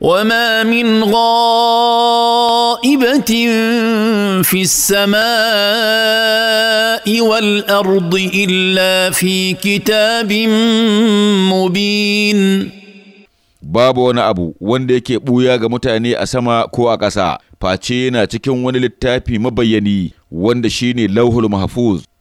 وما من غائبه في السماء والارض الا في كتاب مبين babu wani abu wanda yake ɓuya ga mutane a sama ko a ƙasa face yana cikin wani littafi mabayyani wanda shine lauhul mahfuz